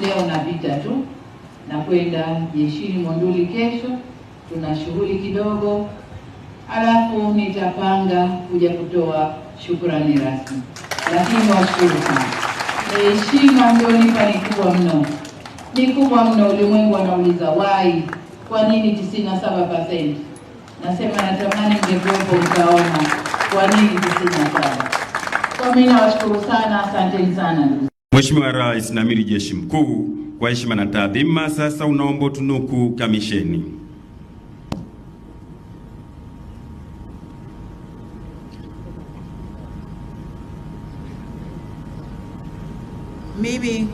leo napita tu na kwenda jeshini Monduli. Kesho tuna shughuli kidogo, alafu nitapanga kuja kutoa shukrani rasmi, lakini washukuru sana. Heshima mlionipa ni kubwa mno, ni kubwa mno. Ulimwengu anauliza wai, kwa nini 97%? Nasema natamani mgekuwepo utaona kwa nini 97. Kwa mimi nawashukuru sana, asanteni sana. Mheshimiwa Rais na Amiri Jeshi Mkuu, kwa heshima na taadhima, sasa unaomba tunuku kamisheni. Mimi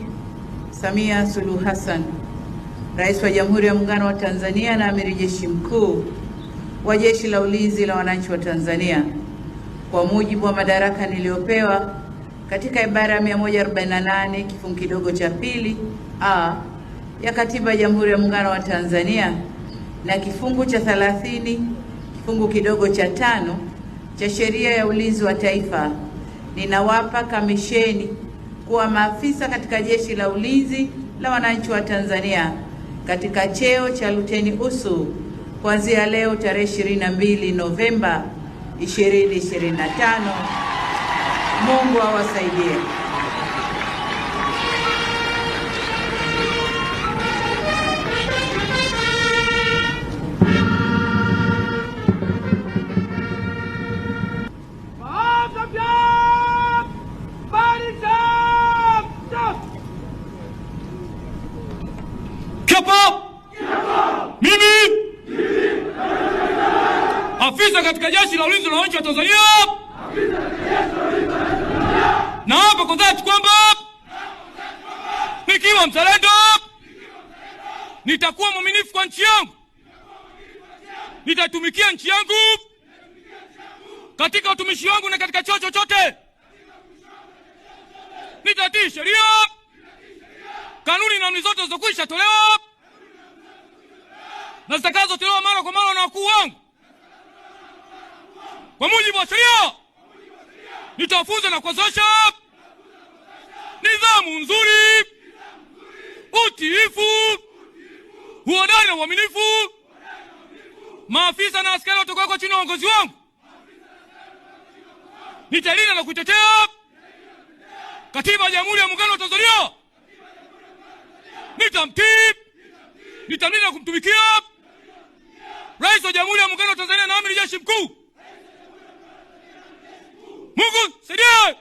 Samia Suluhu Hassan, Rais wa Jamhuri ya Muungano wa Tanzania na Amiri Jeshi Mkuu wa Jeshi la Ulinzi la Wananchi wa Tanzania, kwa mujibu wa madaraka niliyopewa katika ibara ya 148 kifungu kidogo cha pili a ya Katiba ya Jamhuri ya Muungano wa Tanzania na kifungu cha 30 kifungu kidogo cha tano cha Sheria ya Ulinzi wa Taifa, ninawapa kamisheni kuwa maafisa katika Jeshi la Ulinzi la Wananchi wa Tanzania katika cheo cha luteni usu kuanzia leo tarehe 22 Novemba 2025. Mungu awasaidie. Afisa katika jeshi la ulinzi la nchi wa Tanzania Naapa kwa dhati kwamba nikiwa mzalendo nitakuwa mwaminifu kwa nchi yangu, nitatumikia nchi yangu katika utumishi wangu na katika cheo chochote, nitatii sheria, kanuni na amri zote zilizokwisha tolewa na zitakazotolewa mara kwa mara na wakuu wangu kwa mujibu wa sheria nitafunza na kuwazosha nidhamu nzuri, utiifu, uhodari na uaminifu. Maafisa na askari watakaokuwa chini ya uongozi wangu nitalinda na kuitetea katiba ya Jamhuri ya Muungano wa Tanzania, nitamtii, nitamlinda na kumtumikia Rais wa Jamhuri ya Muungano wa Tanzania na amiri jeshi mkuu. 무국 세력